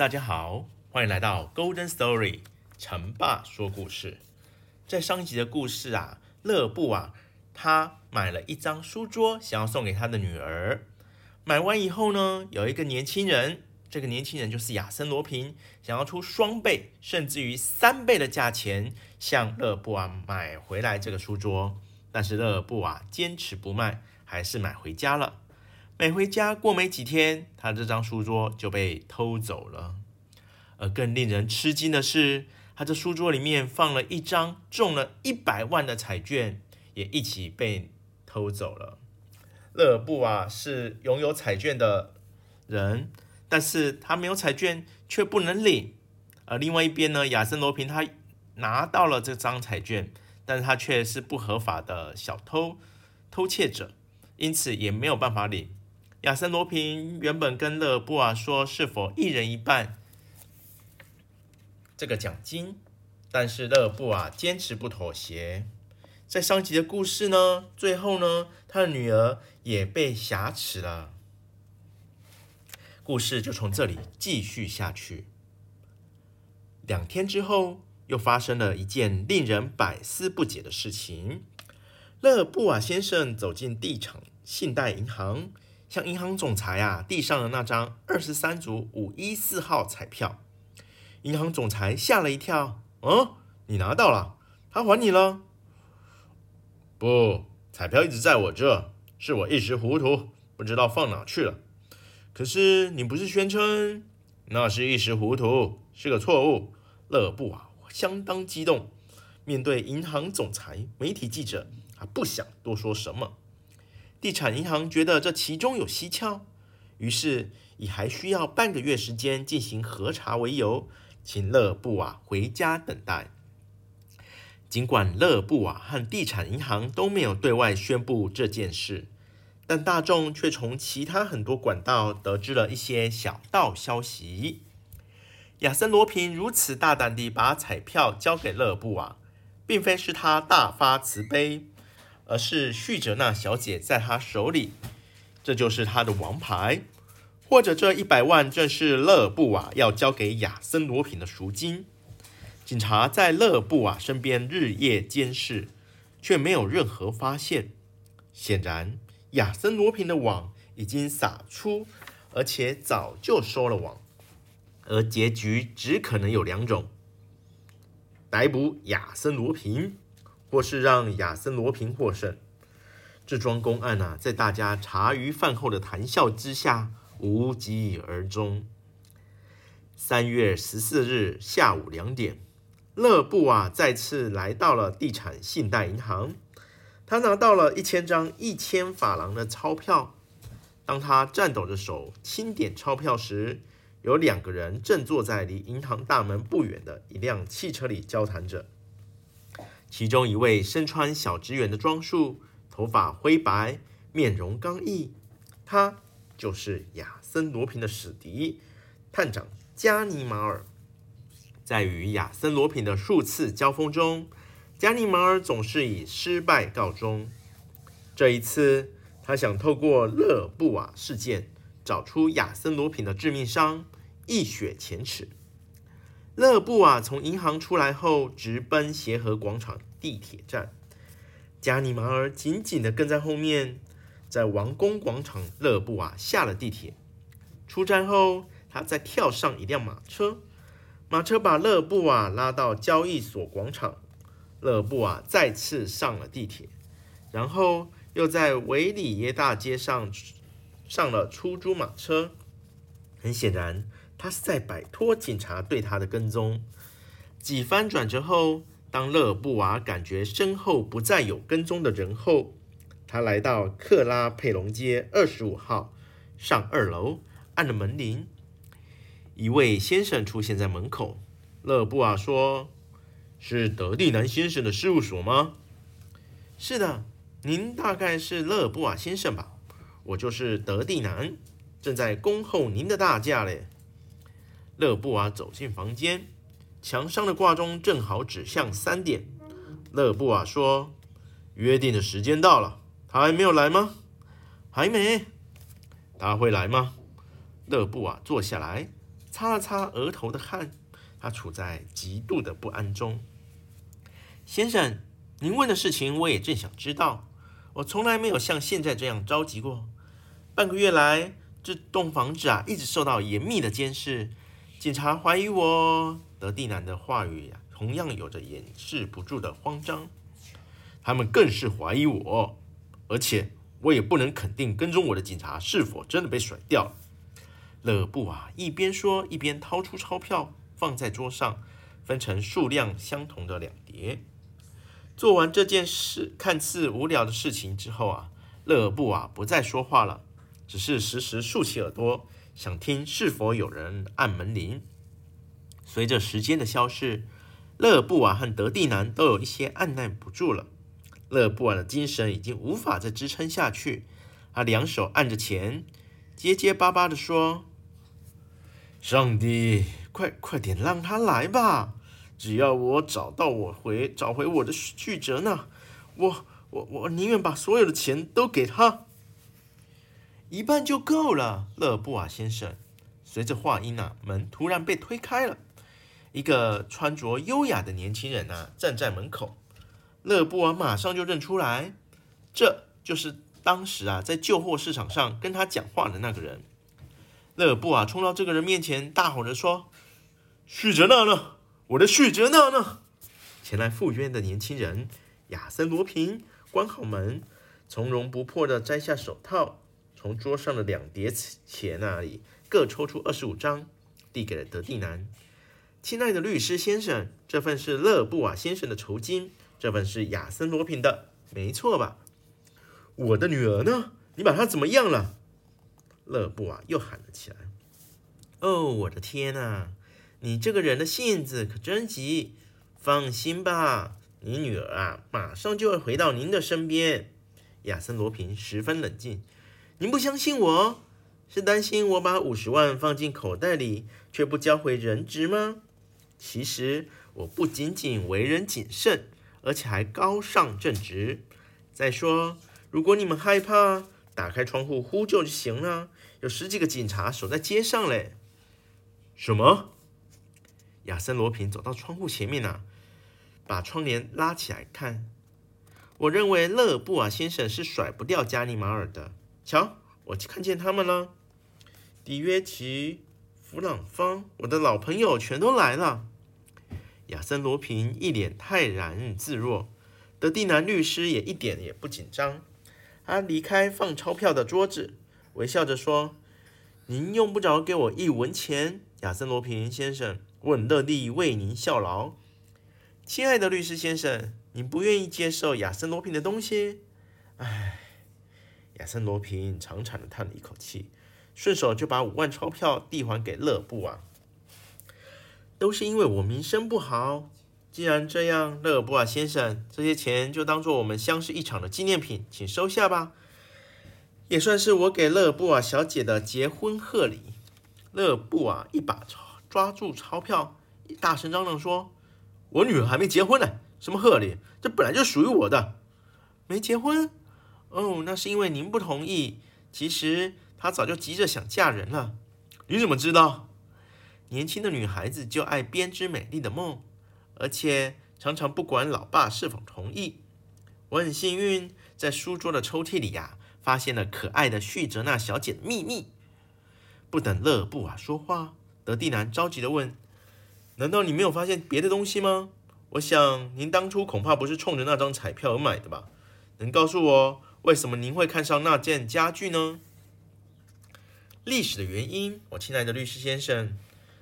大家好，歡迎來到 Golden Story 成爸說故事。在上一集的故事啊，勒布啊，他買了一張書桌，想要送給他的女兒。買完以後呢，有一個年輕人，這個年輕人就是亞森羅蘋，想要出雙倍甚至於三倍的價錢向勒布啊買回來這個書桌。但是勒布啊堅持不賣，還是買回家了。每回家過沒幾天，他這張書桌就被偷走了。而更令人吃驚的是，他這書桌裡面放了一張中了一百萬的彩券，也一起被偷走了。勒布啊是擁有彩券的人，但是他沒有彩券卻不能領。而另外一邊呢，亞森羅蘋他拿到了這張彩券，但是他卻是不合法的小偷、偷竊者，因此也沒有辦法領。亞森羅蘋原本跟勒布瓦、啊、說是否一人一半這個獎金，但是勒布瓦、啊、堅持不妥協。在上集的故事呢，最後呢，他的女兒也被挾持了。故事就從這裡繼續下去。兩天之後，又發生了一件令人百思不解的事情：勒布瓦、啊、先生走進地產信貸銀行。向銀行總裁啊，遞上了那張二十三組五一四號彩票，銀行總裁嚇了一跳。嗯，你拿到了，他還你了。不，彩票一直在我這，是我一時糊塗，不知道放哪去了。可是你不是宣稱那是一時糊塗，是個錯誤？勒布啊，我相當激動。面對銀行總裁、媒體記者，他不想多說什麼。地產銀行覺得這其中有蹊蹺，於是以還需要半個月時間進行核查為由，請勒布瓦回家等待。儘管勒布瓦和地產銀行都沒有對外宣布這件事，但大眾卻從其他很多管道得知了一些小道消息。亞森羅蘋如此大膽地把彩票交給勒布瓦，並非是他大發慈悲。而是敘哲娜小姐在他手裡，這就是他的王牌，或者這一百萬正是勒布瓦要交給亞森羅蘋的贖金。警察在勒布瓦身邊日夜監視，却沒有任何發現。顯然，亞森羅蘋的網已經撒出，而且早就收了網。而結局只可能有兩種：逮捕亞森羅蘋，或是讓亞森羅蘋獲勝，這樁公案呢、啊，在大家茶餘飯後的談笑之下無疾而終。三月十四日下午兩點，勒布瓦、啊、再次來到了地產信貸銀行，他拿到了一千張一千法郎的鈔票。當他顫抖着手清點鈔票時，有兩個人正坐在離銀行大門不遠的一輛汽車裡交談着。其中一位身穿小職員的裝束，頭髮灰白，面容剛毅，他就是亞森·羅平的死敵，探長加尼馬爾。在與亞森·羅平的數次交鋒中，加尼馬爾總是以失敗告終。這一次，他想透過勒布瓦事件，找出亞森·羅平的致命傷，一雪前恥。勒布瓦從銀行出來後，直奔協和廣場地鐵站。加尼瑪爾緊緊地跟在後面。在王宮廣場，勒布瓦下了地鐵。出站後，他再跳上一輛馬車。馬車把勒布瓦拉到交易所廣場。勒布瓦再次上了地鐵，然後又在維里耶大街上上了出租馬車。很顯然。他是在擺脫警察對他的跟蹤。幾番轉折後，當勒布瓦感覺身後不再有跟蹤的人後，他來到克拉佩隆街二十五號，上二樓，按了門鈴。一位先生出現在門口。勒布瓦說：“是德蒂南先生的事務所嗎？”“是的，您大概是勒布瓦先生吧？我就是德蒂南，正在恭候您的大駕嘞。”勒布瓦走進房間，牆上的掛鐘正好指向三點。勒布瓦說：“約定的時間到了，他還沒有來嗎？還沒。他會來嗎？”勒布瓦坐下來，擦了擦額頭的汗，他處在極度的不安中。先生，您問的事情我也正想知道。我從來沒有像現在這樣着急過。半個月來，這棟房子啊，一直受到嚴密的監視。警察懷疑我，德蒂南的話語同樣有着掩飾不住的慌張。他們更是懷疑我，而且我也不能肯定跟蹤我的警察是否真的被甩掉了。勒布瓦，一邊說，一邊掏出鈔票放在桌上，分成數量相同的兩疊。做完這件事看似無聊的事情之後啊，勒布瓦不再說話了，只是時時豎起耳朵。想聽是否有人按門鈴。隨着時間的消逝，勒布瓦和德蒂南都有一些按捺不住了。勒布瓦的精神已經無法再支撐下去，他兩手按着錢，結結巴巴地說：“上帝，快快點讓他來吧！只要我找到我回找回我的曲折呢，我我我寧願把所有的錢都給他。”一半就夠了，勒布爾先生。隨着話音啊，門突然被推開了，一個穿着優雅的年輕人吶、啊，站在門口。勒布爾馬上就認出來，這就是當時啊在舊貨市場上跟他講話的那個人。勒布爾、啊、衝到這個人面前，大吼着說：“許着娜娜，我的許着娜娜！”前來赴約的年輕人亞森·羅平關好門，從容不迫地摘下手套。從桌上的兩疊錢那裡各抽出二十五張，遞給了德蒂男。親愛的律師先生，這份是勒布瓦先生的酬金，這份是亞森羅平的，沒錯吧？我的女兒呢？你把她怎麼樣了？勒布瓦又喊了起來：“哦，我的天哪啊！你這個人的性子可真急。放心吧，你女兒啊，馬上就會回到您的身邊。”亞森羅平十分冷靜。您不相信我是擔心我把五十萬放進口袋裡卻不交回人質嗎？其實我不僅僅為人謹慎，而且還高尚正直。再說，如果你們害怕，打開窗戶呼救就行了。有十幾個警察守在街上嘞。什麼？亞森·羅平走到窗戶前面，啊，吶，把窗簾拉起來看。我認為勒爾布瓦，啊，先生是甩不掉加尼馬爾的。瞧，我看見他們了，迪約奇、弗朗芳，我的老朋友全都來了。亞森羅平一臉泰然自若，德蒂南律師也一點也不緊張。他離開放鈔票的桌子，微笑着說：“您用不着給我一文錢。”亞森羅平先生，我很樂意為您效勞。親愛的律師先生，您不願意接受亞森羅平的東西？哎。亞森羅蘋長長地嘆了一口氣，順手就把五萬鈔票遞還給勒布爾。都是因為我名聲不好，既然這樣，勒布爾先生，這些錢就當做我們相識一場的紀念品，請收下吧，也算是我給勒布爾小姐的結婚賀禮。勒布爾一把抓住鈔票，一大聲嚷嚷說：“我女兒還沒結婚呢、啊，什麼賀禮？這本來就屬於我的，沒結婚。”哦，那是因為您不同意。其實她早就急着想嫁人了。你怎麼知道？年輕的女孩子就愛編織美麗的夢，而且常常不管老爸是否同意。我很幸運，在書桌的抽屜裡呀、啊，發現了可愛的敘澤娜小姐的秘密。不等勒布瓦說話，德蒂南着急地問：“難道你沒有發現別的東西嗎？”我想您當初恐怕不是衝着那張彩票而買的吧？能告訴我？為什麼您會看上那件家具呢？歷史的原因，我親愛的律師先生。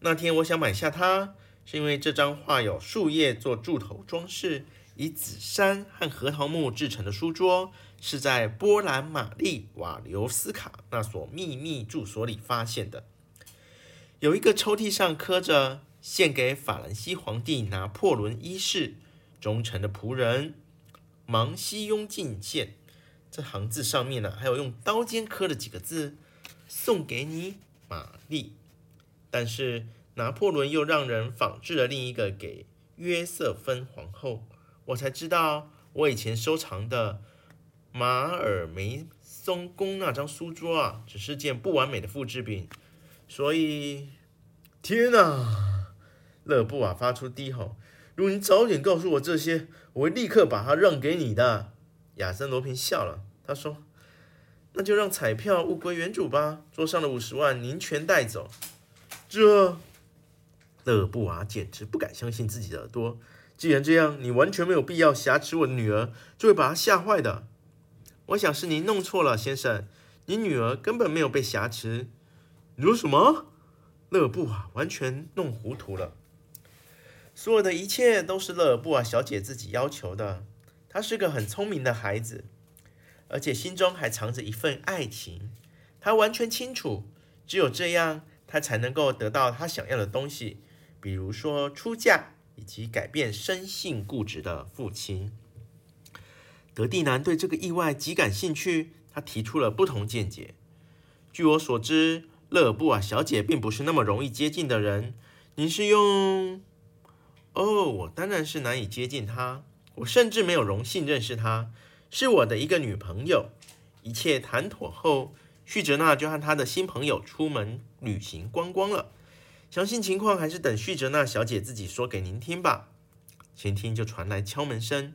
那天我想買下它，是因為這張畫有樹葉做柱頭裝飾，以紫杉和核桃木制成的書桌，是在波蘭瑪麗瓦留斯卡那所秘密住所裡發現的。有一個抽屜上刻着：“獻給法蘭西皇帝拿破崙一世，忠誠的僕人芒西雍進獻。”這行字上面呢、啊，還有用刀尖刻的幾個字，送給你，瑪麗。但是拿破崙又讓人仿製了另一個給約瑟芬皇後。我才知道，我以前收藏的馬爾梅松宮那張書桌啊，只是件不完美的複製品。所以，天哪！勒布瓦發出低吼：“如果你早點告訴我這些，我會立刻把它讓給你的。”亞森·羅蘋笑了，他說：“那就讓彩票物歸原主吧。桌上的五十萬您全帶走。”這這勒布瓦、啊、簡直不敢相信自己的耳朵。既然這樣，你完全沒有必要挾持我的女兒，就會把她嚇壞的。我想是您弄錯了，先生，你女兒根本沒有被挾持。你說什麼？勒布瓦、啊、完全弄糊塗了。所有的一切都是勒布瓦、啊、小姐自己要求的。他是個很聰明的孩子，而且心中還藏着一份愛情。他完全清楚，只有這樣，他才能夠得到他想要的東西，比如說出嫁以及改變生性固執的父親。德蒂男對這個意外極感興趣，他提出了不同見解。據我所知，勒布瓦小姐並不是那麼容易接近的人。你是用……哦，我當然是難以接近她。我甚至沒有榮幸認識她，是我的一個女朋友。一切談妥後，旭哲娜就和她的新朋友出門旅行觀光了。詳細情況還是等旭哲娜小姐自己說給您聽吧。前廳就傳來敲門聲，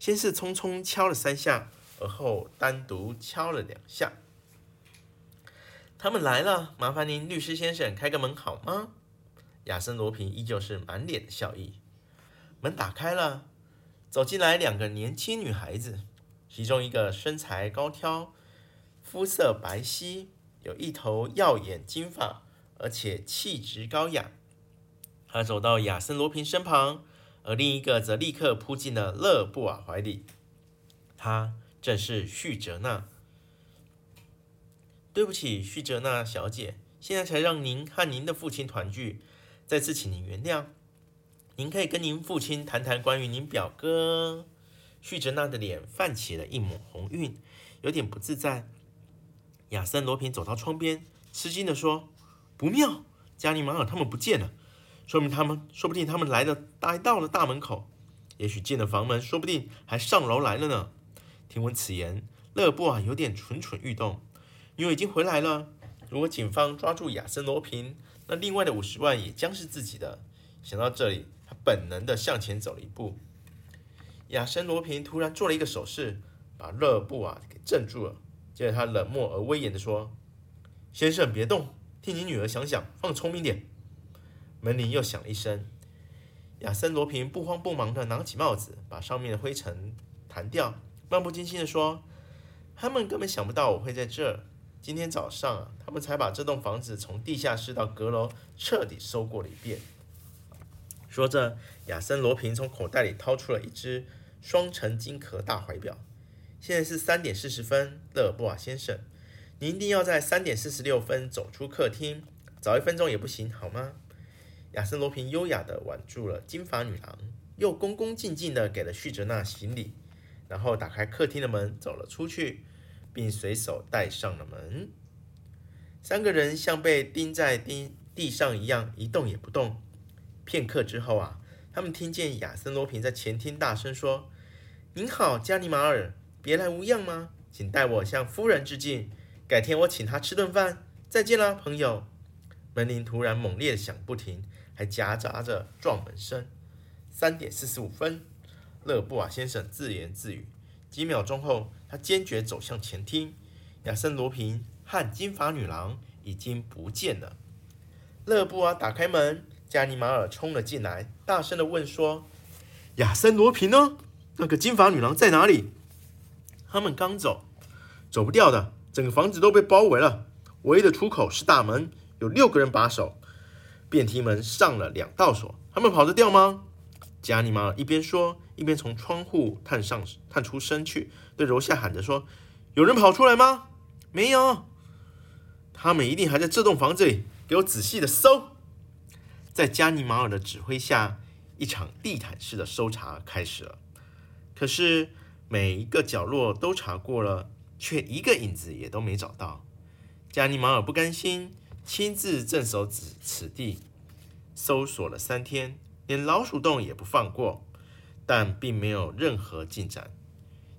先是匆匆敲了三下，而後單獨敲了兩下。他們來了，麻煩您律師先生開個門好嗎？亞森羅蘋依舊是滿臉的笑意。門打開了。走進來兩個年輕女孩子，其中一個身材高挑，膚色白皙，有一頭耀眼金髮，而且氣質高雅。她走到亞森羅蘋身旁，而另一個則立刻撲進了勒布爾懷裡。她正是敘哲娜。對不起，敘哲娜小姐，現在才讓您和您的父親團聚，再次請您原諒。您可以跟您父親談談關於您表哥。旭哲娜的臉泛起了一抹紅暈，有點不自在。亞森羅平走到窗邊，吃驚地說：“不妙，加尼瑪爾他們不見了，說明他們，說不定他們來的待到了大門口，也許進了房門，說不定還上樓來了呢。”聽聞此言，勒布啊有點蠢蠢欲動。因為已經回來了，如果警方抓住亞森羅平，那另外的五十萬也將是自己的。想到這裡。本能的向前走了一步，亞森·羅平突然做了一個手勢，把勒布啊給鎮住了。接着他冷漠而威嚴的說：“先生，別動，替你女兒想想，放聰明點。”門鈴又響了一聲，亞森·羅平不慌不忙的拿起帽子，把上面的灰塵彈掉，漫不經心的說：“他們根本想不到我會在這兒。今天早上啊，他們才把這棟房子從地下室到閣樓徹底搜過了一遍。”說着，亞森·羅平從口袋裡掏出了一只雙層金殼大懷表。現在是三點四十分，勒爾布爾先生，您一定要在三點四十六分走出客廳，早一分鐘也不行，好嗎？亞森·羅平優雅地挽住了金髮女郎，又恭恭敬敬地給了敘哲娜行禮，然後打開客廳的門走了出去，並隨手帶上了門。三個人像被釘在釘地上一樣，一動也不動。片刻之後啊，他們聽見亞森羅平在前廳大聲說：“您好，加尼馬爾，別來無恙嗎？請代我向夫人致敬。改天我請他吃頓飯。再見了，朋友。”門鈴突然猛烈地響不停，還夾雜着撞門聲。三點四十五分，勒布瓦先生自言自語。幾秒鐘後，他堅決走向前廳。亞森羅平和金髮女郎已經不見了。勒布瓦打開門。加尼馬爾衝了進來，大聲地問說：“亞森羅蘋呢？那個金髮女郎在哪裡？”他們剛走，走不掉的，整個房子都被包圍了。唯一的出口是大門，有六個人把守。電梯門上了兩道鎖，他們跑得掉嗎？加尼馬爾一邊說，一邊從窗戶探上探出身去，對樓下喊着說：“有人跑出來嗎？”“沒有。”他們一定還在這棟房子裡，給我仔細地搜。在加尼馬爾的指揮下，一場地毯式的搜查開始了。可是每一個角落都查過了，卻一個影子也都沒找到。加尼馬爾不甘心，親自鎮守此此地，搜索了三天，連老鼠洞也不放過，但並沒有任何進展。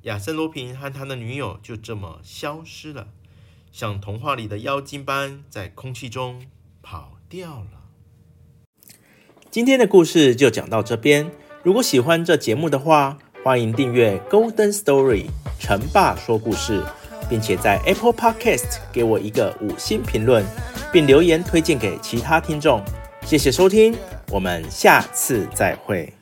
亞森羅蘋和他的女友就這麼消失了，像童話裡的妖精般，在空氣中跑掉了。今天的故事就講到這邊。如果喜歡這節目的話，歡迎訂閱《Golden Story》城霸說故事，並且在 Apple Podcast 給我一個五星評論，並留言推薦給其他聽眾。謝謝收聽，我們下次再會。